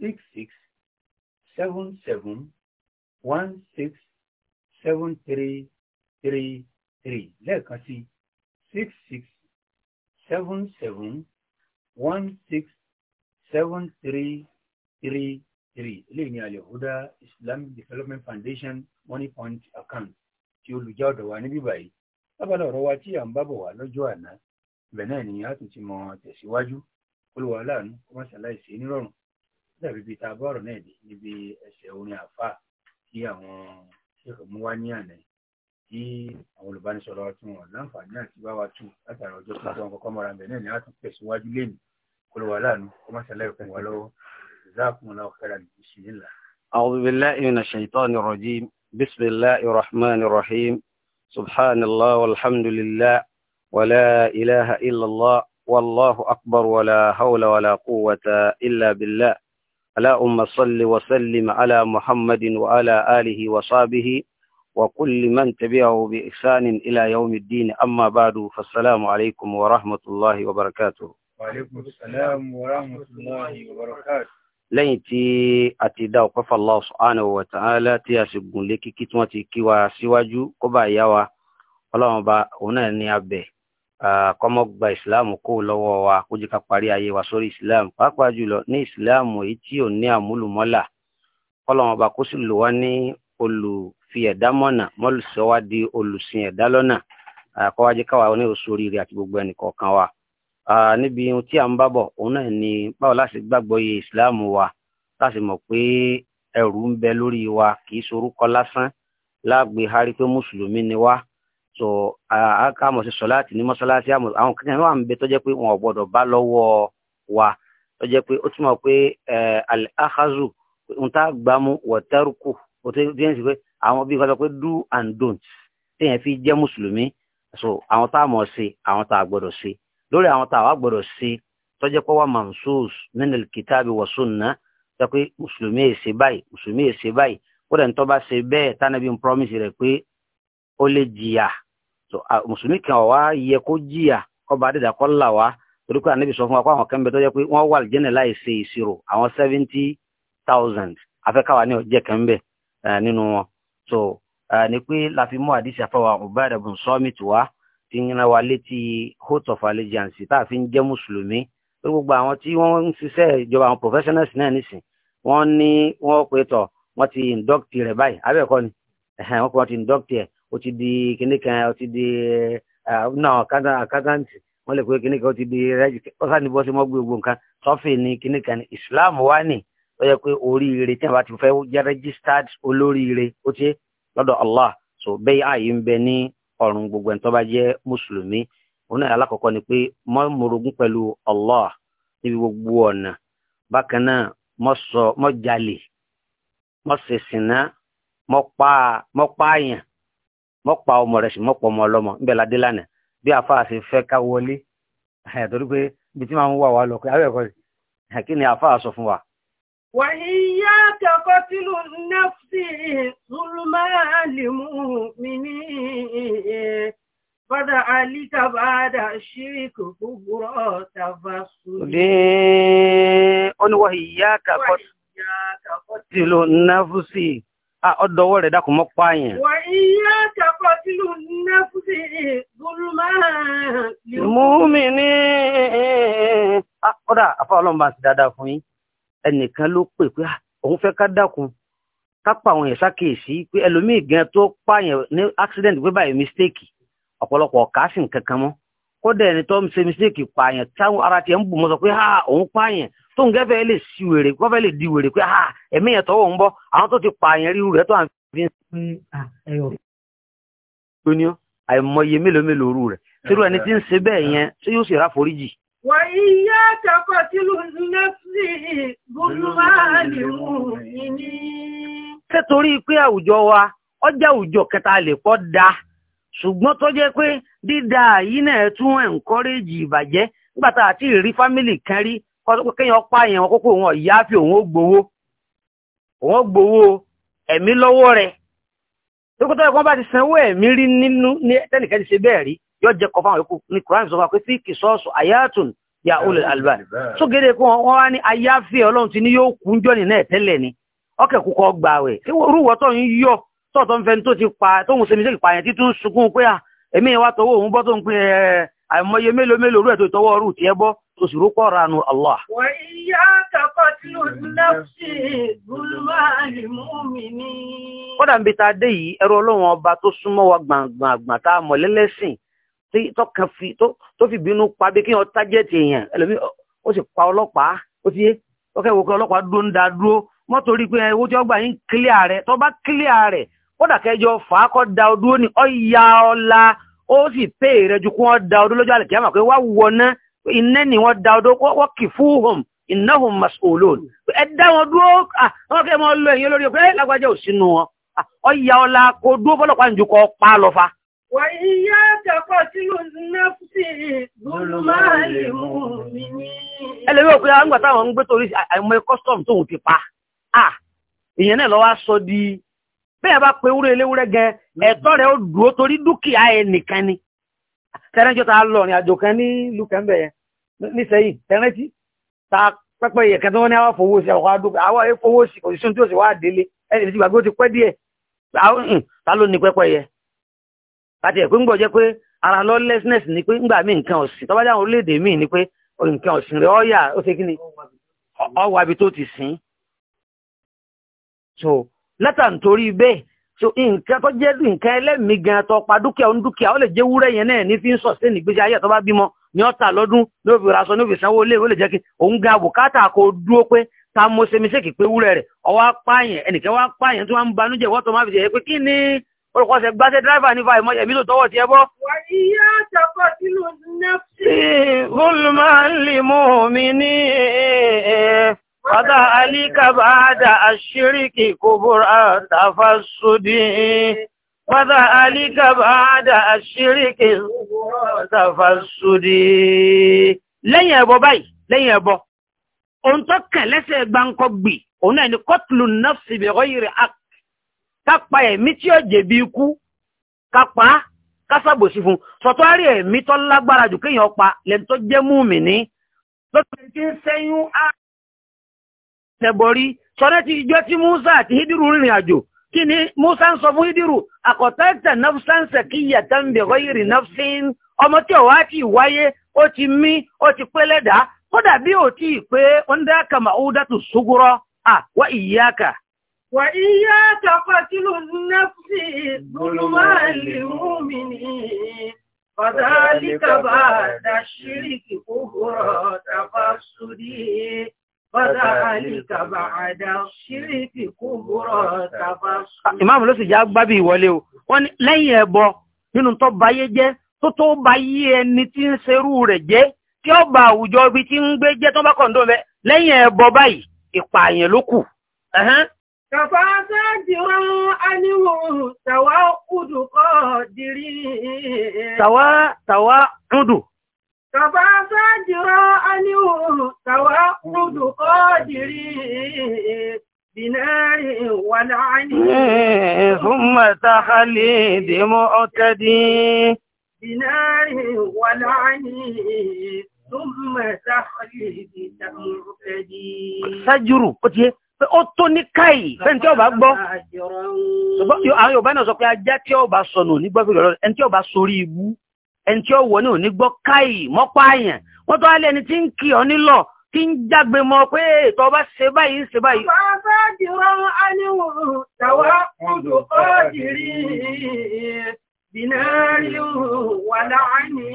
six six seven seven one six seven three three three lẹ́ẹ̀kan sí six six seven seven one six seven three three three eléyìí ni al Islamic Development Foundation money point account tí olùjá ọ̀dọ̀ wa níbí báyìí lábàlá ọ̀rọ̀ wa tí à ń bábọ̀ wá lọ́jọ́ àná ibẹ̀ náà ni a tún ti mọ tẹ̀síwájú olùwà aláàánú kọ́mọ́sálá ìṣe nírọ̀rùn dàbí bíi tábọ̀rọ̀ náà dé níbi ẹsẹ̀ orin àfà tí àwọn mú wá ní àná tí àwọn olùbánisọ̀rọ̀ tí wọn láǹfààní àti bá wa tù látàrí ọjọ́ tó tó wọn kọ́kọ́ mọ́ra bẹ̀ náà ni láti tẹ̀síwájú lẹ́nu kólówó aláàánú kọ́mọ́sálẹ́ ìkún wa lọ́wọ́ jazakumullahu khairan bismillah. أعوذ بالله من الشيطان الرجيم بسم الله الرحمن الرحيم سبحان الله والحمد لله ولا إله إلا الله والله أكبر ولا حول ولا قوة إلا بالله اللهم صل وسلم على محمد وعلى آله وصحبه وكل من تبعه بإحسان إلى يوم الدين أما بعد فالسلام عليكم ورحمة الله وبركاته وعليكم السلام ورحمة الله وبركاته lẹ́yìn tí a ti dá ọpẹ́ fún Allah subhanahu wa ta'ala tí a sì gùn lé kíkí tí wọ́n ti kí wa síwájú kó bá yá wa ọlọ́run bá òun náà ní abẹ́ kọ́mọ́ gba ìsìláàmù kó lọ́wọ́ wa kó jẹ́ ká parí ayé wa sórí ìsìláàmù pàápàá jùlọ ní ìsìláàmù èyí tí ò ní àmúlùmọ́là kọ́lọ́wọ́n ọba kó sì lò wá ní olùfi ẹ̀dá mọ̀nà mọ́lùsọ́wá di olùsìn ẹ̀dá lọ́nà kọ́ wá jẹ́ káwa ní oṣù oríire àti gbogbo ẹnì kọ̀ọ̀kan wa. níbi ohun tí à ń bábọ̀ òun náà ni báwo láti gbàgbọ́ iye ìsìláàmù wa láti mọ̀ pé ẹrù ń bẹ lórí wa kì í sorúkọ lásán láàgbé harí pé mùsùlùmí ni wá so àkàmọ̀ sí sọ́láàtì ní mọ́sálásí àwọn kankan wà ń bẹ tó jẹ́ pé wọn ò gbọ́dọ̀ bá lọ́wọ́ wa tó jẹ́ pé ó túmọ̀ pé al-akhazu ń tá gbámú wọ̀tẹ́rùkù ó ti fi ń sè pé àwọn bí kọ́tọ̀ pé do and don't téèyàn fi jẹ́ mùsùlùmí so àwọn tá a mọ̀ sí àwọn tá a gbọ́dọ̀ sí lórí àwọn tá a wá gbọ́dọ̀ sí tó jẹ́ pé wà mansus nínú kìtàbí wa sunna tó pé mùsùlùmí è ṣe báyìí mùsùlùmí è ṣe báyìí kódà ń tó bá ṣe bẹ́ẹ̀ tánàbí promise rẹ̀ pé ó lè jìyà mùsùlùmí kan wá yẹ kó jìyà kọba adéda kọ́ là wá torí pé ànábì sọ fún wa pé àwọn kan bẹ tó yẹ pé wọ́n wà lìjẹ́nà láì ṣe ìṣirò àwọn seventy thousand afẹ́káwá ní ọjẹ́ kan bẹ̀ eh, nínú wọn so eh, ni pé la fi mú àdìsí àfọwà Ubadah bin Samit wá ti ń ra wa létí host of allegiance tá a fi ń jẹ́ mùsùlùmí pé gbogbo àwọn tí wọ́n ń ṣiṣẹ́ ìjọba àwọn professionals náà nìsín wọ́n ní wọ́n pé tọ̀ wọ́n ti induct rẹ̀ báyìí abẹ́ẹ̀kọ́ ni wọ́n pé wọ́n ti induct ó ti di kinní kan ó ti di náà àkántàǹtì wọ́n lè pé kinní kan ó ti di rẹ́jì ọ̀sá ni bọ́sẹ̀ mọ́ gbogbo nǹkan sọ́fìn ní kinní kan ní Islam wá nì ó yẹ pé oríire tí a bá ti fẹ́ jẹ́ registered olóríire ó ti lọ́dọ̀ Allah so bẹ́ẹ̀ ààyè ń bẹ ní ọ̀run gbogbo ẹni tó bá jẹ́ mùsùlùmí òun náà alákọ̀ọ́kọ́ ni pé mọ́ morogún pẹ̀lú Allah níbi gbogbo ọ̀nà bákan náà mọ́ sọ mọ́ jalè mọ́ ṣèṣìnà mọ́ pààyàn mọ́pa ọmọ rẹ̀ sì mọ́pọ̀ ọmọ ọlọ́mọ ń bẹ̀ ládé lánàá bí àfáà ṣe fẹ́ ká wọlé pé ibi tí máa ń wà wá lọ pé àwọn rẹ̀ kí ni àfáà sọ fún wa. kẹ́kọ̀ọ́ tí ló fada ọ kẹ́kọ̀ọ́ tí ló ọdọwọ́ rẹ̀ dákun mọ́ pààyàn. wà iye kẹfọ́ sínú nẹ́fùsì gúrùmá. mú mi ní. ọ̀dà àfa ọlọ́run bá ń ti dáadáa fún yín ẹnìkan ló pè pé ah, òun fẹ́ ká dákun ká pa àwọn accident pé báyìí mistake ọ̀pọ̀lọpọ̀ ọ̀kà sì ń kankan mọ́ kódà ẹni tó ń ṣe mistake pààyàn táwọn ara tiẹ̀ ń bù mọ́ pé òun pààyàn tó ń gẹ́fẹ́ lè si wèrè lè di wèrè pé ẹ̀mí yẹn tọ́wọ́ ń bọ́ àwọn tó ti pààyàn rí rẹ̀ tó à ń fi ń ah, àìmọye mélòó mélòó rú rẹ̀ tírú ẹni tí ń bẹ́ẹ̀ yẹn tí yóò sì foríjì. àtàkọ tí ló ń lé sí ní. ṣé torí pé àwùjọ wa ọjà àwùjọ kẹta àlè pọ̀ da ṣùgbọ́n dídá yìí náà tún ẹ̀ńkọ́rẹ́jì ìbàjẹ́ nígbà tá àti ìrí family kan rí kéèyàn pa èèyàn kókó òun ọ̀yá fi òun ó gbowó òun ó gbowó ẹ̀mí lọ́wọ́ rẹ̀ tókòtò ẹ̀kọ́ bá ti sanwó ẹ̀mí rí nínú ní tẹ́nìkan ti ṣe bẹ́ẹ̀ rí yóò jẹ́ kọ́ fáwọn yòókù ní Quran sọ pé tí kì ayatun ya olè alba tó gẹ́gẹ́ kó wọ́n wá ní ayáfẹ́ ọlọ́run ti ní yóò kú jọ́ nínú ẹ̀ tẹ́lẹ̀ ni ọkẹ̀ kúkọ́ gbà wẹ̀ tí orúwọ́ tó ń yọ tó tó ń fẹ́ tó ti pa tó ń ṣe mi sí ìpààyàn títún sunkún pé à ah, èmi ìwà tọwọ́ òun bọ́ tó ń pín ẹ àìmọye mélòó mélòó rẹ̀ tó tọwọ́ ọrù tí ẹ bọ́ tó sì rúpọ̀ ránú Allah. kódà ń bi ta dé yìí ẹrú ọlọ́run ọba tó súnmọ́ wa gbàngbàngbà tá a mọ̀ lẹ́lẹ́sìn tó fi bínú pa bí kí wọ́n tájẹ́tì èèyàn ẹlòmí ó sì pa ọlọ́pàá ó ti yé ọkẹ́ ìwòkẹ́ ọlọ́pàá dúró ń da dúró mọ́tò rí pé owó tí wọ́n gbà yín kílíà rẹ̀ tó bá kílíà rẹ̀ kódà kẹjọ fà á kọ́ da ọdún ó ní ọ̀ya ọ̀la ó sì pé rẹ ju kí wọ́n da ọdún lọ́jọ́ àlẹ́ kíámà pé wá wọná iná ni wọ́n da ọdún wọ́n kì fún hom iná hom ẹ dá wọn dúró àwọn kẹ́ mọ lọ ẹ̀yìn olórí pé lágbájá ò sínú wọn ọ̀ya ọ̀la kó dúró fọlọ́pàá ń ju kọ́ pa lọ fa. wà á yá mú mi òkú bẹ́ẹ̀ bá pe wúrẹ́ eléwúrẹ́ gan hmm. ẹ̀tọ́ rẹ̀ ó dúró torí dúkìá ẹ̀ nìkan ni tẹ́rẹ́jọ́ ta lọ ní àjò kan ní ìlú kẹ́ńbẹ̀ yẹn nísẹ̀yìn ya ta pẹ́pẹ́ yẹ̀ kẹ́tọ́ ní àwọn fowó àwọn àdúgbò àwọn ẹ̀ òṣìṣẹ́ tí ó sì wá délé ẹni tí gbàgbé ó ti pẹ́ díẹ̀ ta ló hmm, ní pẹ́pẹ́ yẹ ara lawlessness ni pé ńgbà mí nǹkan ọ̀sìn tọ́ba dáhùn orílẹ̀-èdè ni pé nǹkan ọ̀sìn rẹ̀ ọ̀yà ó ti látàntorí bẹ́ẹ̀ so nǹkan tó jẹ́ nǹkan ẹlẹ́mìí gan tó pa dúkìá ó ní dúkìá ó lè jẹ́ wúrẹ́ yẹn náà ní fi ń sọ̀ sí ìgbésí ayé tó bá bímọ ní ọ̀tà lọ́dún ní òfin raṣọ ní òfin sanwó ilé ìwé lè jẹ́ kí òun gan àbùkátà kò dúró pé ta mo ṣe mi ṣe kì pé wúrẹ́ rẹ̀ ọwọ́ apáyàn ẹnìkan wá apáyàn tí wọ́n ń banújẹ́ wọ́n tó máa fi ṣe pé kí ni olùkọ́sẹ̀ gbáṣẹ́ dráìvà ní fa Fada alika ba da ashiriki kubura tafassudi. Fada alika ba da ashiriki kubura tafassudi. Lẹ́yìn ẹbọ báyìí, lẹ́yìn ẹbọ. Ohun tó kàn lẹ́sẹ̀ gbáǹkọ́ gbì, òun náà ni kọ́tùlù nafsi bi ghayri haqq. Kápa ẹ̀mí tí ó jẹ̀bi ikú, kápa kásàbòsí fún. Sọ̀tọ́ rí ẹ̀mí tó lágbára jù kéèyàn pa lẹ́ni tó jẹ́ múmi ní. Lọ́tọ̀ tí ń sẹ́yún á tẹ̀bọ̀rí sọ́rẹ́ ti ìjọ tí Musa àti Hidiru rìnrìn àjò kí ni Musa ń sọ fún Hidiru àkọ̀tẹ́tẹ̀ nafsansa kí yàtà ń bẹ̀rọ ìrìn nafsin ọmọ tí ọ̀wá ti wáyé ó ti mí ó ti pé lẹ́dà kódà bí ò tí ì pé ó ń dáka màúdà tó ṣúgúrọ́ à wá ìyáka. wà ìyáka fatilu nafsi gbólúmáàlì múmini fàdálíkà bá dàṣírí kìkúrọ̀ Ìmáàmù ló sì já gbábí ìwọlé o. Wọ́n ní lẹ́yìn ẹbọ nínú tó báyé jẹ́ tó tó báyé ẹni tí ń serú rẹ̀ jẹ́ tí ó bá àwùjọ ibi tí ń gbé jẹ́ tó bá kọ̀ǹdó mẹ́ lẹ́yìn ẹbọ báyìí ìpààyàn ló kù. Kàfá tàwa kúdù kọ́ dìrí. Tàwa tàwa kúdù. Kàbá sájìrọ́ aníhùn tàwà kúdù kọ́ dìrí بنار ولعن ثم تخليد مؤتدي بنار ولعن ثم تخليد مؤتدي سجروا قتيه ó tó ní káì fẹ́ntí ọba gbọ́ àwọn Yorùbá náà sọ pé ajá tí ọba sọnù nígbàgbé lọ́rọ̀ ẹni tí ọba sorí ibú ẹni tí ó wò ní òní gbọ́ káì mọ́pá àyàn wọ́n tó alẹ́ ẹni tí ń kì ọ́ nílọ tí ń jágbe mọ́ pé ètò ọba ṣe báyìí ṣe báyìí. Máa bá jìrọ̀ aníwòrán tàwa kúndù ọ́jìrì bìnárì wà láàánì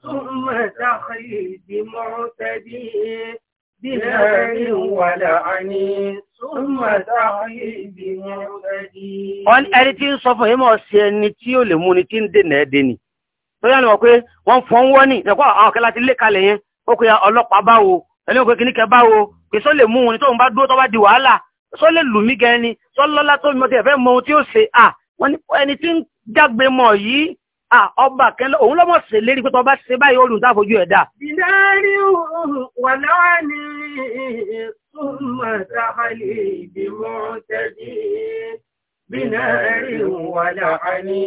súnmọ̀ dákì ìdìmọ̀ tẹ́bí bìnárì wà láàánì súnmọ̀ dákì ìdìmọ̀ tẹ́bí. Ẹni tí ń sọ fún yín mọ̀ sí ẹni tí ó lè mú ni tí ń dènà ẹ́ dènì lórí àná pé wọ́n fọ́n wọ́n ní ìṣẹ̀kọ́ àwọn ọ̀kẹ́ láti lé kalẹ̀ yẹn ó pe ọlọ́pàá báwo ẹni ò pé kíní kẹ báwo pé só lè mú òun tó ń bá dúró tó di wàhálà só lè lù mí gẹni só lọ́lá tó mọ̀ tí ẹ̀fẹ́ mọ ohun tí ó ṣe à wọ́n ní ẹni tí ń jágbe mọ̀ yìí à ọba kẹlẹ́ òun lọ́mọ̀ ṣe lérí pé tó bá ṣe báyìí ó fojú ẹ̀ dà. ìdárí wà náà ni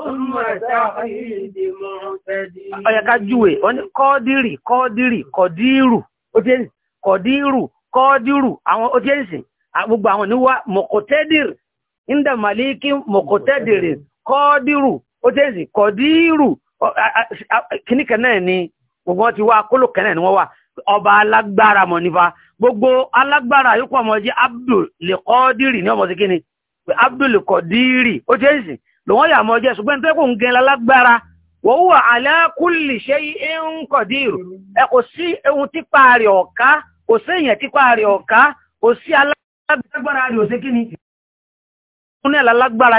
ọ̀yà ká júwe wọ́n ní kọ́dírì kọ́dírì kọ́dírù ó ti ẹ̀sìn kọ́dírù kọ́dírù àwọn ó ti ẹ̀sìn gbogbo àwọn níwá mọ̀kọ́tẹ́dìrì ńdà màlíkì mọ̀kọ́tẹ́dìrì kọ́dírù ó ti ẹ̀sìn kọ́dírù kìnnìkan náà ni gbogbo ti wá kólò kan ni wọ́n ọba alágbára mọ̀ nípa gbogbo alágbára yóò pọ̀ mọ́ abdul lòun yà mọ́ jẹ́ ṣùgbọ́n tẹ́ kò ń gẹn lálágbára wọ́n wà e ṣe ń kọ̀dírù ẹ kò sí ohun tipa rẹ̀ ọ̀ká kò sí èèyàn rẹ̀ ọ̀ká kò sí alágbára rẹ̀ fún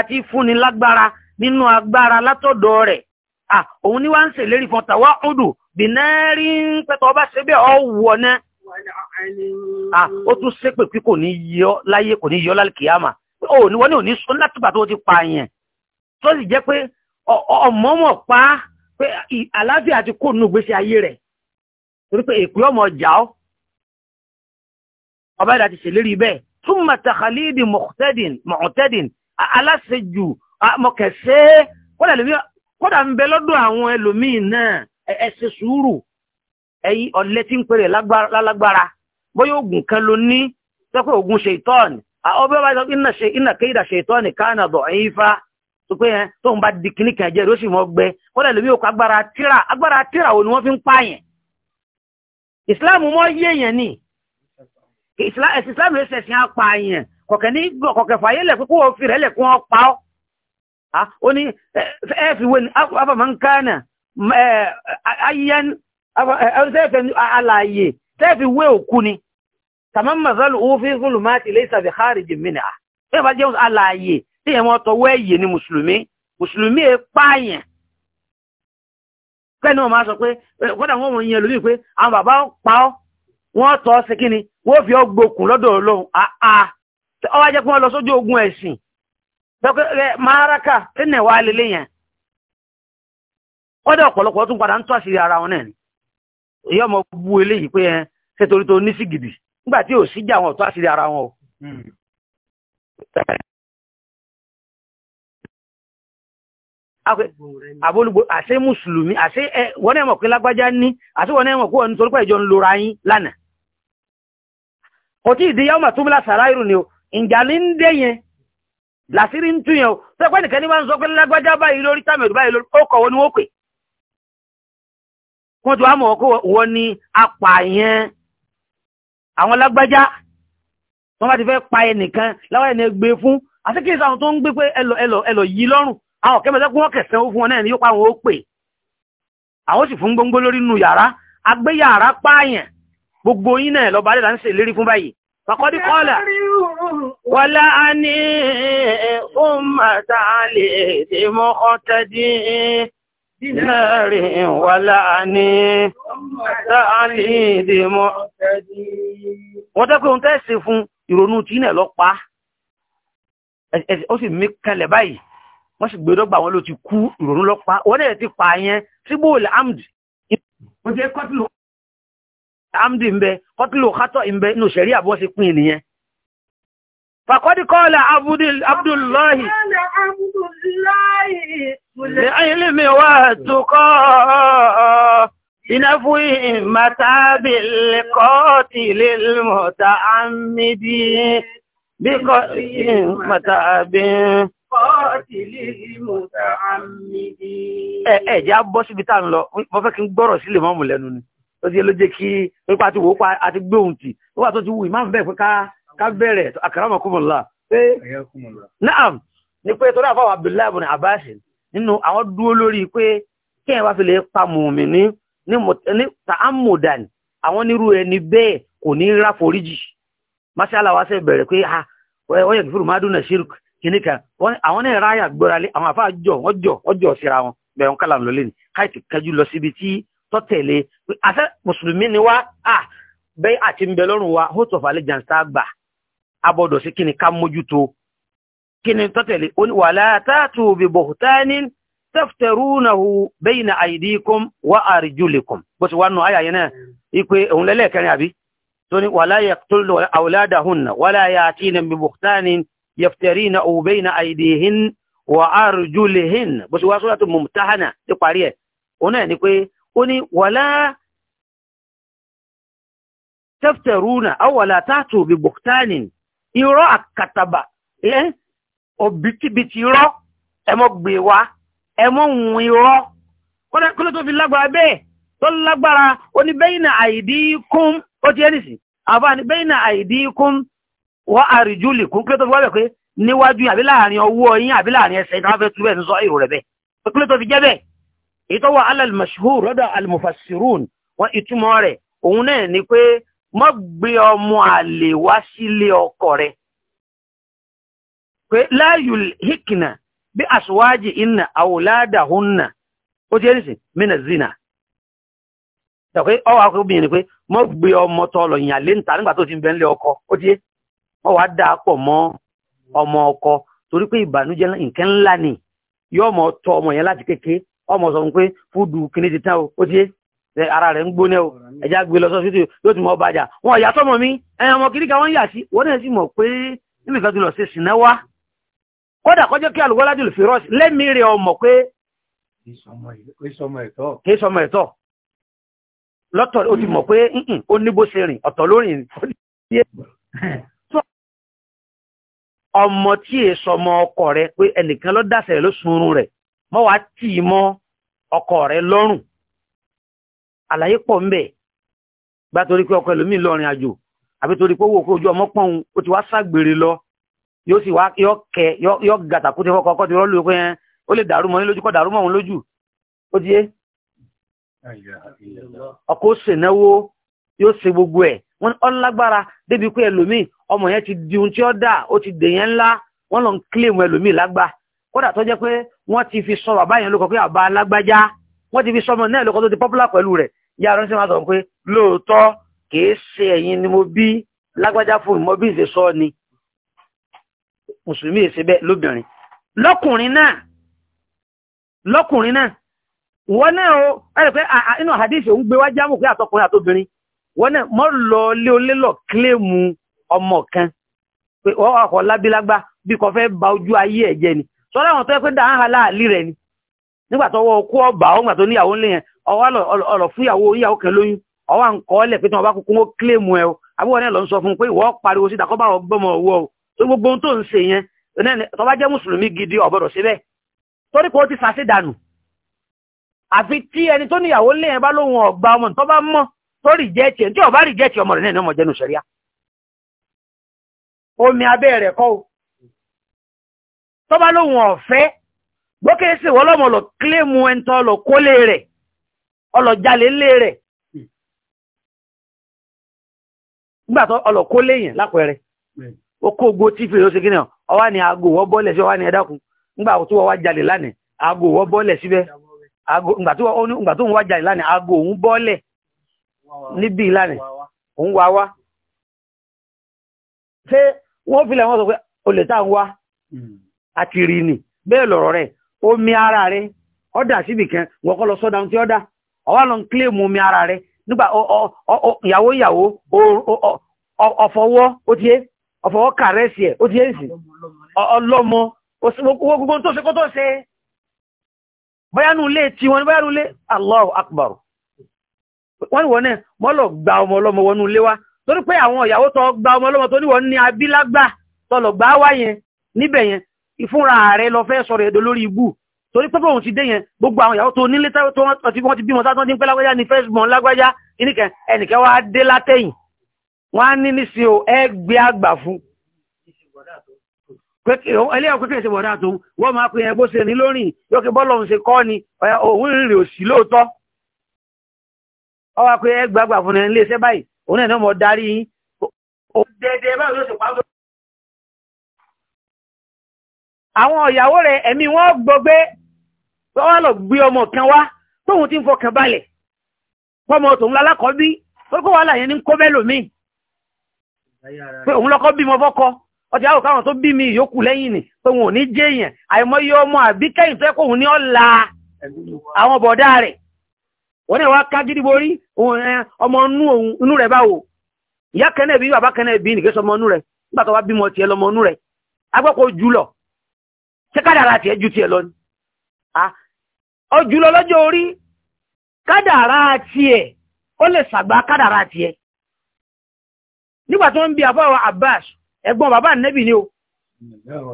tí fúnni lágbára nínú agbára látọ̀dọ̀ rẹ̀ ni wá ń fọta ọdún ọba ṣe bẹ́ẹ̀ ó tún ṣépè pé kò ní yọ láyé kò ní yọ ó ní wọ́n sọ tó ti pa yẹn tó sì jẹ́ pé ọmọọmọ pa á pé àlàáfíà ti kó nínú ayé rẹ̀ torí pé èkú ọmọ ọjà ọ́ ọba ìdá ti ṣèlérí bẹ́ẹ̀ túmọ̀ tàkàlídì mọ̀ọ́tẹ́dìn aláṣejù mọ̀kẹ́sẹ́ kódà ń bẹ lọ́dọ̀ àwọn ẹlòmíì náà ẹ sùúrù tí ń pèrè lálágbára ogun kan ló ní ẹ̀yìn tó pé yẹn tóun bá di kíní kan jẹ́ rẹ̀ ó sì mọ́ gbẹ kọ́dà lómi òkú agbára tíra agbára tíra wo ni wọ́n fi ń pààyàn ìsìláàmù mọ́ yéèyàn ni ìsìláàmù ẹsẹ̀ sí apààyàn kọ̀kẹ́ ní kọ̀kẹ́ fàyè lẹ̀ kókó wọ́n fi rẹ̀ lẹ̀ kó wọ́n pa ọ́ ó ní ẹ fi wé ni afọmọkánà ayíyán alààyè tẹ́ẹ̀fì wé òkú ni tàmí mọ̀sálù òun fi ń fún lùmáàtì lẹ́sàbẹ̀ kárìjì mìíràn ẹ bá jẹun alààyè tí ẹ̀ wọ́n tọwọ́ ẹ̀yẹ ni mùsùlùmí mùsùlùmí ẹ̀ pààyàn pẹ́ẹ́ni wọn máa sọ pé kọ́dà wọn yẹn lómi pé àwọn bàbá pa ọ́ wọ́n tọ́ sí kí ni wọ́n fi ọ́ gbókùn lọ́dọ̀ ọlọ́run àá ọwọ́ jẹ́ pé wọ́n lọ sójú ogun ẹ̀sìn eh, máàrákà tí nẹ̀ wá lélé yẹn kọ́dà ọ̀pọ̀lọpọ̀ tún padà ń tọ́ àṣírí ara wọn náà ni èyí ọmọ bu eléyìí pé eh, gidi nígbà tí ò síjà wọn ò àbólúgbò àṣẹ mùsùlùmí àṣẹ wọ́n ẹ̀mọ̀ pé lágbájá ní àṣẹ wọ́n ẹ̀mọ̀ pé ọ̀nà torípẹ̀ ìjọ ń lora yín lánàá kò tí ìdí yàwó màtúmù lásàrá irun ni o ìjà ní ń dé yẹn làṣírí ń tún yẹn o tẹ́pẹ́ nìkan ní máa ń sọ pé lágbájá báyìí lórí tàmẹ̀dù báyìí lórí ó kọ̀ wọ́n ni wọ́n pè wọ́n ti wá mọ̀ pé wọ́n ni apààyàn àwọn lágbájá wọ́n bá ti fẹ́ pa ẹnìkan láwọn ẹni àwọn kẹ́mẹ́sẹ́ kún wọ́n kẹsàn ó fún wọn náà ní yóò pa àwọn ó pè àwọn sì fún gbóngbó lórí nù yàrá agbé yàrá pààyàn gbogbo yín náà lọ bàálẹ̀ láti ṣèlérí fún báyìí fàkọ́dí kọ́ọ̀là wọ́lá a ní ọmọta lè dé mọ́ ọ́tẹ́dí dínárì wọ́lá a ní ọmọta lè dé mọ́ ọ́tẹ́dí wọ́n tẹ́ pé fún ìrònú tí ó sì mí kalẹ̀ báyìí wọ́n sì gbẹdọgba wọn ló ti kú ìrònú lọpa wọn náà ti pa yẹn síbò amdi. ó jẹ́ kọ́tìlù amdi ń bẹ kọ́tìlù kátọ́ ń bẹ inú sẹ̀rí àbọ̀ sí pín nìyẹn. فقد قال عبد الله عبد الله لعلم واتقى بنفوه متى بالقاتل المتعمد بقتل متى ẹ ẹ jẹ́ abọ́ síbi tá ń lọ wọ́n fẹ́ kí n gbọ́rọ̀ sílẹ̀ mọ́mù lẹ́nu ni ó ti ló jẹ́ kí nípa ti wò pa àti gbé ohun tì ó wà tó ti wù ìmáàmù bẹ́ẹ̀ pé ká bẹ̀rẹ̀ pé naam ni pé torí àfáwà Abdullahi ibn Abbas nínú àwọn dúró lórí pé kí ẹ̀ wá fi lè pa mùmí ní ní tààmùdàn àwọn nírú ẹni bẹ́ẹ̀ kò ní ráforíjì mashallah sẹ́ bẹ̀rẹ̀ pé ah má dúnà ṣírùkù kìnníkà àwọn náà ráyà gbọ́ra lé àwọn àfáà jọ wọ́n jọ ọjọ́ síra wọn bẹ̀rẹ̀ wọn kálà lọ́lẹ́ ni káìtì kẹjú lọ síbi tí tọ́tẹ̀lé àṣẹ mùsùlùmí ni wá à bẹ́ẹ̀ àti ń bẹ lọ́rùn wa host of allegiance tá a gbà abọ́dọ̀ sí kíni ká mójútó kíni tọ́tẹ̀lé ó ní wàlá táàtù bí bọ̀hútání tẹ́fùtẹ̀rúnahu bẹ́yìn àìdíkùm wà àrìjúlẹ̀kùm bó ti wá nù ayà yẹn náà ipe òun lẹ́lẹ́kẹrin yẹ̀fẹ̀rínà òbẹ́yìn àìdèhìn wà àrùjúlẹ̀hìn bó ṣe wá sọ́dọ̀ tó mọ̀mútáhánà ti parí ẹ̀ òun náà ni pé ó ní wàlá tẹ́fẹ̀rúnà àwọ̀là tààtù bí bọ̀tánì irọ́ àkàtàbà ọ̀bìtìbìtì irọ́ ẹmọ gbé wa ẹmọ hùn irọ́ kọ́lẹ́ tó fi lágbára bẹ́ẹ̀ tó lágbára ó ní bẹ́yìn àìdíkún ó ti ẹ́ nìsí àbá ní bẹ́yìn àìdíkún wọ́n àrìjú lè kún kílé tó fi wá bẹ̀ pé níwájú àbí láàrin ọwọ́ yín àbí láàrin ẹsẹ̀ ìtàn afẹ́ túbẹ̀ sọ èrò rẹ̀ bẹ́ẹ̀ kílé tó fi jẹ́ bẹ́ẹ̀ èyí tó wà alalmashhur rọ́dọ̀ almufassirun wọn ìtumọ̀ rẹ̀ òun náà ni pé mọ́ gbé ọmọ àlè wá sílé ọkọ rẹ̀ pé láàyù hikna bí àṣùwájì iná àwòládà húnna ó jẹ́ nìsín mínà zina ọwọ́ akọ̀ọ́bìnrin ni pé mọ́ gbé ọmọ tọ́lọ̀ ìyàlé wọ́n wá dà á pọ̀ mọ́ ọmọ ọkọ torí pé ìbànújẹ́ nǹkan ńlá ni yóò mọ tọ ọmọ yẹn láti kéke ọmọ sọ pé fúdù kìnìún ti tán o ó ti yé ara rẹ̀ ń gbóná o ẹja gbé lọ sọ́sítì yóò tún mọ ọba àjà wọn ìyá sọmọ mi ẹ̀yìn ọmọ kìnìún kan wọ́n yà sí wọ́n náà sì mọ̀ pé níbi kan ti lọ sí sinẹ́ wá kódà kọjọ́ kí alùpùpù aládùn fi rọ́ọ̀sì lẹ́mìí rẹ̀ ọmọ pé kì í sọmọ ẹ̀tọ́ lọ́tọ̀ ó ti mọ̀ pé ó ní bó ṣe rìn ọ̀tọ̀ lórí rìn ọmọ tí è sọmọ ọkọ rẹ pé ẹnìkan ló dàsẹ̀ ló sunrun rẹ̀ mọ́ wá tì í mọ́ ọkọ rẹ lọ́rùn àlàyé pọ̀ ń bẹ̀ gbá torí pé ọkọ ẹlòmíì lọ́rin àjò àbí torí pé owó òkú ojú ọmọ pọ̀n ó ti wá ságbèrè lọ yóò sì wá yọ kẹ yọ gàtàkú ti fọkọ ọkọ ti rọ́ọ̀lù pé ó lè dàrú mọ́ ní lójú kọ́ dàrú mọ́ òun lójú ó ti yé ọkọ ó ṣènáwó yóò ṣe gbogbo ẹ̀ wọ́n ní ọlágbára débi pé ẹlòmíì ọmọ yẹn ti di ohun tí ó dà ó ti dèyẹn ńlá wọ́n lọ ń kílèmù ẹlòmíì lágbà kódà tó jẹ́ pé wọ́n ti fi sọ bàbá yẹn pé àbá wọ́n ti fi sọ ọmọ náà lókọ̀ tó ti popular pẹ̀lú rẹ̀ yá arọ́ sí ma sọ pé lóòótọ́ kìí ṣe ni mo bí lágbájá fún bí sọ ni mùsùlùmí bẹ́ẹ̀ lóbìnrin náà náà wọ́n náà ó pé inú gbé wọ́n náà lọ lé olélọ̀ kílèmù ọmọ kan pé wọ́n lábílágbá bí kò fẹ́ ba ojú ayé ẹ̀ jẹ́ ni sọ́dọ̀ àwọn tó yẹ pé dáhà aláàlì rẹ̀ ni nígbà tó wọ́n kó ọba ọgbà tó níyàwó ńlẹ̀ yẹn ọwọ́ ọ̀rọ̀ fún ìyàwó oníyàwó kan lóyún ọwọ́ à ń pé tí wọ́n bá kúkú ó kílèmù ẹ o àbúrò náà lọ sọ fún un pé ìwọ́ pariwo síta kọ́ bá wọn gbọ́mọ owó o tó gbogbo ohun tó ń ṣe yẹn tó bá jẹ́ mùsùlùmí gidi ọ̀bọ̀dọ̀ síbẹ̀ torí kò ti sàṣẹ̀dànù àfi tí ẹni tó níyàwó ńlẹ̀ yẹn bá lóhun ọ̀gbà ọmọ tó bá mọ̀ tó rìjẹ́tì ẹ̀ tí ọba rìjẹ́tì ọmọ rẹ̀ náà ọmọ jẹ́nu sẹ̀ríà omi abẹ́ rẹ̀ kọ́ o tọ́ba lóhun ọ̀fẹ́ gbókè sí enta lọ kílèmù ẹntọ́ lọ kólé rẹ̀ ọlọ̀jalè lé rẹ̀ nígbàtọ́ ọlọ̀kólé yẹn lápẹẹrẹ okó ogbó tí fèrè ọwá ni aago wọ́ bọ́ọ̀lẹ̀ sí ọwá ni wọ́n wá jalè lánàá aago wọ́ bọ́ọ̀lẹ̀ síbẹ̀ wọ́n wá jalè lánàá aago òun bọ́ọ̀lẹ̀ níbí ìlànà òun wá wá ṣé wọ́n filẹ̀ wọ́n sọ pé olè tá ń wá àti rí ni bẹ́ẹ̀ lọ̀rọ̀ rẹ̀ omi ara rẹ̀ ọ̀dà síbì kan wọ́n kọ́ lọ sọ́dà tí ọ̀dà ọ̀wá lọ ń kílèmù omi ara rẹ̀ nígbà ìyàwó ìyàwó ó ó sì gbogbo tó ṣe kó tó ṣe ilé ilé Akbar wọ́n ní wọ́n náà wọ́n lọ gba ọmọ ọlọ́mọ wọnú ilé wa torí pé àwọn ìyàwó tó gba ọmọ ọlọ́mọ tó ní wọ́n ní abílágbà tó lọ gbà wá yẹn níbẹ̀ yẹn ìfúnra rẹ̀ lọ fẹ́ sọ̀rọ̀ èdè lórí ibù torí pé òun ti dé yẹn gbogbo àwọn ìyàwó tó nílé tó ti bímọ tá tó ń pẹ́ lágbájá ní first born lágbájá ìníkẹ́ ẹnìkẹ́ wá dé látẹ̀yìn wọ́n á ní nísìn o ẹ gbé àgbà fún ẹlẹ́yà pé kẹ́sẹ̀ bọ̀dá tó wọ́n máa pè é bó ṣe ní lórí yóò kí bọ́ọ̀lù ọ̀hún ṣe kọ́ ni òun rìnrìn òsì lóòótọ́ ọwá pé ẹgbàgbà fún ẹni léṣẹ́ báyìí òun náà mọ̀ darí dẹ̀dẹ̀ báyìí ló sì pàdó àwọn ìyàwó rẹ̀ ẹ̀mí wọ́n gbọgbé wọ́n lọ gbé ọmọ kan wá tóhun tí ń fọkàn balẹ̀ pọ́mọ tòun lálákọ́ bí orúkọ wà láyé ní kọ́bẹ́ lómi òun lọ́kọ́ bí mọ fọ́kọ́ ọjà àwọn káwọn tó bí mi ìyókù lẹ́yìn ni pé wọn ò ní jẹ́ èèyàn àìmọye ọmọ àbíkẹ́yìn tó ẹkọ̀ ní ọ̀la àwọn bọ̀dá rẹ̀ wọ́n náà wá ká gidi borí ọmọ inú rẹ̀ báwo ìyá kẹ́nẹ̀ bí bàbá kẹ́nẹ̀ bí nìkẹ́ sọmọ inú rẹ̀ nígbà tó wá bímọ tiẹ̀ lọmọ inú rẹ̀ agbọ́kọ̀ jùlọ ṣé kádàrá tiẹ̀ ju tiẹ̀ lọ ni ọjùlọ lọ́jọ́ orí kádàrá tiẹ̀ ó lè sàgbà kádàrá tiẹ̀ nígbà tó ń bi àfọwọ́ Abbas ẹ̀gbọ́n bàbá nẹ́bì ni o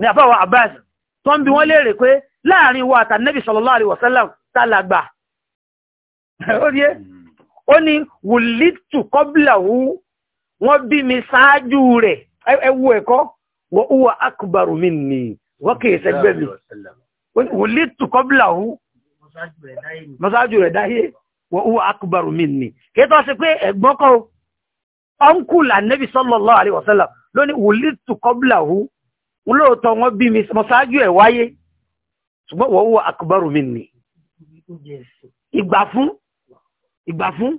ní àfọwọ́ Abbas tó ń bi wọ́n léèrè pé láàrin wa àtànẹ́bì sallallahu alaihi wasallam tá lágbàá orí ẹ hmm. ó ní wùlítù wọ́n bí mi ṣáájú rẹ̀ ẹwú ẹ̀kọ́ wọ́n wà akùbàrù mi nì wọ́n kìí mi wùlítù wọ́n rẹ̀ wọ́n wà akùbàrù mi nì kí tó ṣe pé ẹ̀gbọ́n kọ́ lónìí wùlítù wọ́n wọ́n mi ẹ̀ wáyé ṣùgbọ́n wọ́n wà akùbàrù mi ìgbà fún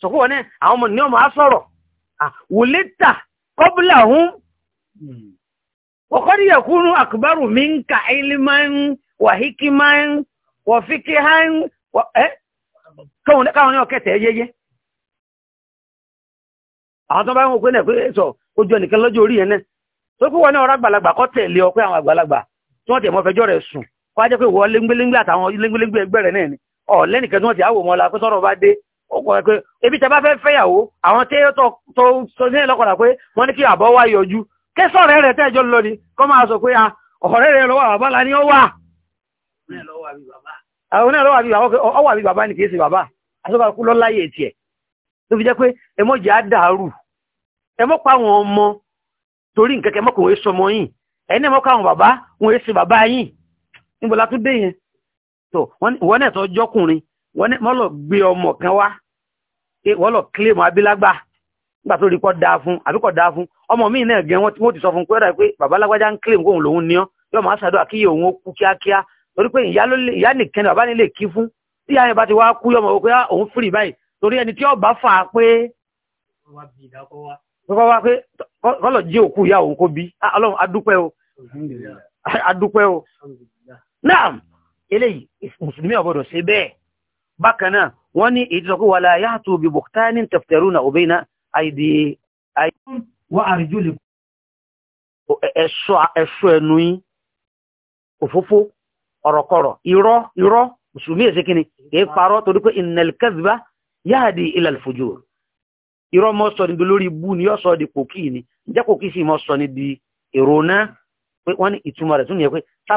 sọ̀kọ́ wọn náà àwọn ọmọ ní ọmọ á sọ̀rọ̀ wòlétà kọ́bùlà hún ọ̀kọ́dí yẹ̀kúrú àkùbárù mi ń ka ilman wà hikiman wà káwọn ní ọ̀kẹ́tẹ̀ yẹyẹ àwọn tó bá wọ pé náà pé sọ ojú ẹnìkan lọ́jọ́ orí yẹn náà wọn ní ọ̀rọ̀ àgbàlagbà kọ́ tẹ̀lé ọ pé àwọn àgbàlagbà tí wọ́n tẹ̀ mọ́ fẹjọ́ rẹ̀ sùn á jẹ́ pé wọ́n àtàwọn ẹgbẹ́ rẹ̀ náà ni ọ lẹ́nìkan tí wọ́n ti áwò mọ́ la pé sọ́rọ̀ bá dé ọkùnrin pé ebi tẹ bá fẹ́ fẹ́yàwó àwọn tí tó tó ní ẹlọ́kọ̀ọ́ra pé wọ́n ní kí àbọ̀ wá yọjú kẹsọ̀rẹ́ rẹ̀ tẹ́jọ́ lọ ni kọ́ máa sọ pé ah, ọ̀rẹ́ rẹ̀ lọ́wọ́ bàbá la ni ó wà. àwọn náà bàbá ni kì í bàbá tiẹ̀ tó fi jẹ́ pé ọmọ torí nǹkan sọmọ yìí tó wọ́n náà tó jọ́kùnrin wọ́n lọ gbé ọmọ kan wá wọ́n lọ kílèmù abilágbà nígbà tó rí kọ́ dáa fún àbí kọ́ dáa fún ọmọ mi náà gan wọ́n ti sọ fún pé pé bàbá lágbájá ń kílèmù kóhun lòun ní ọ yóò máa ṣàdúrà kí òun ó kú kíákíá torí pé ìyá nìkan ni bàbá ní lè kí fún tí ìyá yẹn bá ti wá kú yọmọ wò pé ah, òun fìrì báyìí torí ẹni tí ó bá fà á pé kọ́kọ́ wá pé kọ́lọ̀ jí òkú ìyá òun kó bí ah, ọlọ́run adúpẹ́ o adúpẹ́ o náà eléyìí mùsùlùmí ọ̀gbọ́dọ̀ ṣe bẹ́ẹ̀ bákan náà wọ́n ní èyí sọ wala bi buhtanin taftaruna bayna àìdí àìdí wọ́n ẹ̀ṣọ́ yín òfófó ọ̀rọ̀kọ̀rọ̀ irọ́ irọ́ mùsùlùmí kìíní ni sọ di kòkí ni jẹ́ kòkí sì mọ́ sọ ní di pé wọ́n ní ìtumọ̀ rẹ̀ tún yẹ pé sáà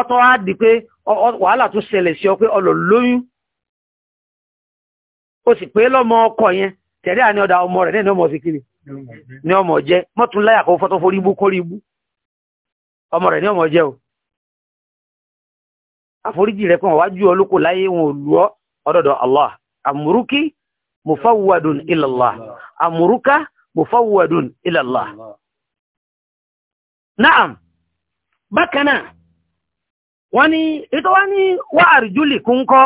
ọtọ́ á dị pé wàhálà tó ṣẹlẹ̀ sí ọ pé ọlọ lóyún ó sì pé lọ́mọ ọkọ yẹn tẹ̀lé àní ọ̀dà ọmọ rẹ̀ ní ọmọ sí kiri ní ọmọ jẹ́ mọ́tún láyà kó fọ́tọ́ forí ibú kórí ibú ọmọ rẹ̀ ní ọmọ jẹ́ o àforíjì rẹ̀ kan wájú láyé wọn ò lù ọdọ̀dọ̀ Allah ilallah ilallah. Naam, bákan wọ́n ní ètò wá ní wá àrìjúlì kún kọ́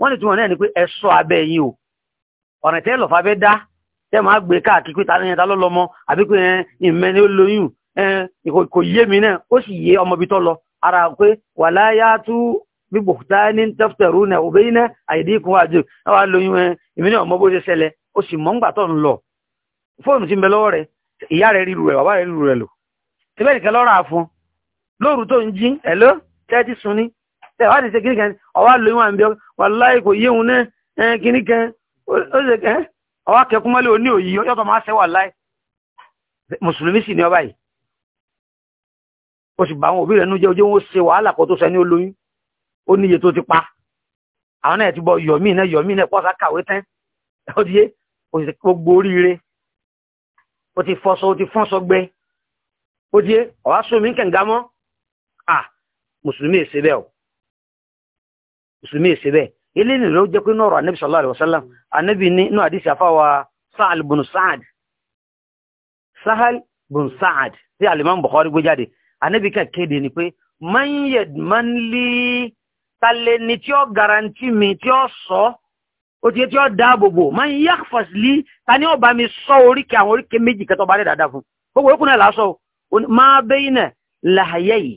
wọ́n ní túnmọ̀ náà ni pé ẹ̀ṣọ́ abẹ́ yìí o ọ̀nà tẹ́ lọ́fà fẹ́ dá tẹ́ máa gbé káàkiri pé tani ẹ̀ta lọ́lọ́mọ àbí pé ìmẹ́ ni ó lóyún kò yé mi náà ó sì yé ọmọ ibi tó lọ ara pé wà láyá tú bíbò tá ní tẹ́fùtẹ̀rù náà òbẹ́ iná àyèdí ikùn àjò náà lóyún ìmí náà ọmọ bó ṣe ṣẹlẹ̀ ó sì mọ́ ń gbà tó ń tẹ́tí sùn ní tẹ́wà ti ṣe kíní kan ọwá lóyún wà ń bí wà láì kò yé òun náà kíní kan ó ṣe kẹ́ ọwá kẹkún mọ́lẹ̀ òní òyì yọ́tọ̀ máa ṣẹ́ wà láì mùsùlùmí sì ní ọba yìí ó sì bá àwọn òbí rẹ̀ nú jẹ́ ojú wọn ṣe wàhálà kó tó sọ ní olóyún ó níye tó ti pa àwọn náà ti bọ yọ̀mí náà yọ̀mí náà pọ́sá kàwé tán ó ti yé ó sì gbogbo oríire ó ti fọ́sọ ó ti fọ́nsọ gbẹ ó ti yé ọ̀wá mùsùlùmí èsè bẹ́ẹ̀ o mùsùlùmí èsè bẹ́ẹ̀ eléyìí ló jẹ́ pé nọ́ọ̀rọ̀ anabi sallallahu alayhi wa sallam anabi ní inú àdìsí àfáwa sahal bùn saad sahal bùn saad tí alimam bukhari gbé jáde anabi kan kéde ni pé man yadman li talẹ̀ ni tí ó garanti mi tí ó sọ ó ti yẹ tí ó dáàbò bò man yakhfas li ta ni ó bá mi sọ oríkè àwọn oríkè méjì kẹtọ́ bá dé dáadáa fún gbogbo ìkùnà làásọ̀ máa bẹ́yìn náà làhàyẹ́ yìí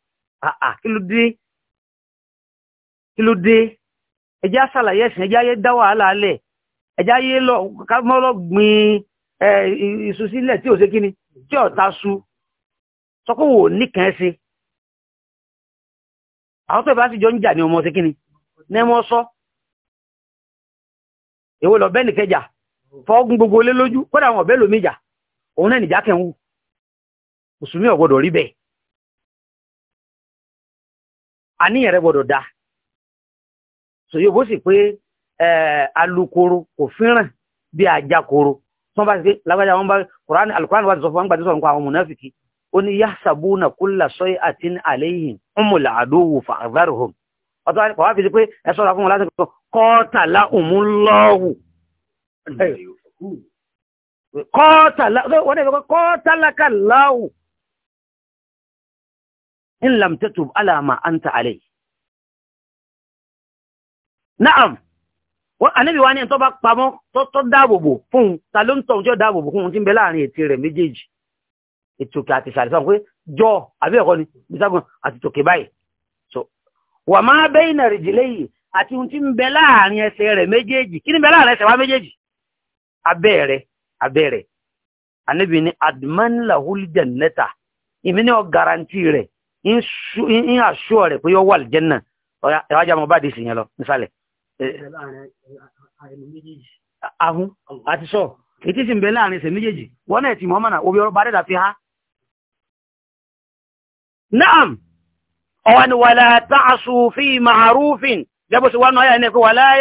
àà ah, ah, kí ló dé kí ló dé ẹjẹ́ àṣàlàyé ẹ̀sìn ẹjẹ́ ayé dá wàhálà alẹ̀ ẹjẹ́ ayé lọ kámọ́lọ́ gbin iṣu sílẹ̀ tí ò ṣe kíni tí ọ̀tá su sọ pé wò níkan ṣe àwọn tó bá sì jọ ń jà ní ọmọ ṣe kíni ní ẹmọ sọ èwo lọ bẹ́ẹ̀ nìkẹjà fọ́ọ̀gùn gbogbo lé lójú kódà àwọn ọ̀bẹ́ lómi jà òun náà nìjà kẹ́hún mùsùlùmí ò gbọdọ̀ rí bẹ́ẹ̀ àníyàn rẹ gbọ́dọ̀ dáa sòyò bó sì pé alukoro kò fínràn bí ajakoro tí wọ́n bá ti pé lágbájá wọn bá kùránì alukùránì wà ti sọ fún wọn gbàdúrà sọ nǹkan àwọn mùnàfìkì ó ní yahsabuna kulla shay'atin alayhim humul aduwwu fa'dharhum ọ̀tọ́ wá fi sí pé ẹ sọ́ra fún wọn láti kọ́ kọ́tàlá òmúlọ́wù kọ́tàlá kọ́tàlá kàláwù in lam tatub ala ma anta alayhi na'am ànábì wa ní ẹni tó bá pamọ́ tó dáàbòbò fún un ta ló ń tọ́ ọjọ́ dáàbòbò fún un tí ń bẹ láàrin ètè rẹ̀ méjèèjì ètòkè àti sàrẹ̀ sáwọn pé jọ àbí ẹ̀kọ́ ni bisagun àti tòkè báyìí so wà máa bẹ́yìn náà rìjìlẹ̀ yìí àti ohun tí ń bẹ láàrin ẹsẹ̀ rẹ̀ méjèèjì kí ni bẹ láàrin wa méjèèjì abẹ́ rẹ̀ abẹ́ rẹ̀ adman lahul jannata ìmí ní ọ garanti rẹ̀ ń àṣọ rẹ̀ pé yọ wà lìjẹ́ náà ìwájà mọ̀ bá di ìsìn yẹn lọ nísàlẹ̀. ahun àti sọ ètí sì ń bẹ láàrin ìsẹ̀ méjèèjì wọ́n náà ti mọ́mọ́nà obi ọ̀rọ̀ bá dẹ́dà fi há. naam ọ̀wọ́n ni wàlá ta'asu fi ma'arufin jẹ́bùsùn wọn náà yà ní pé wàlá yà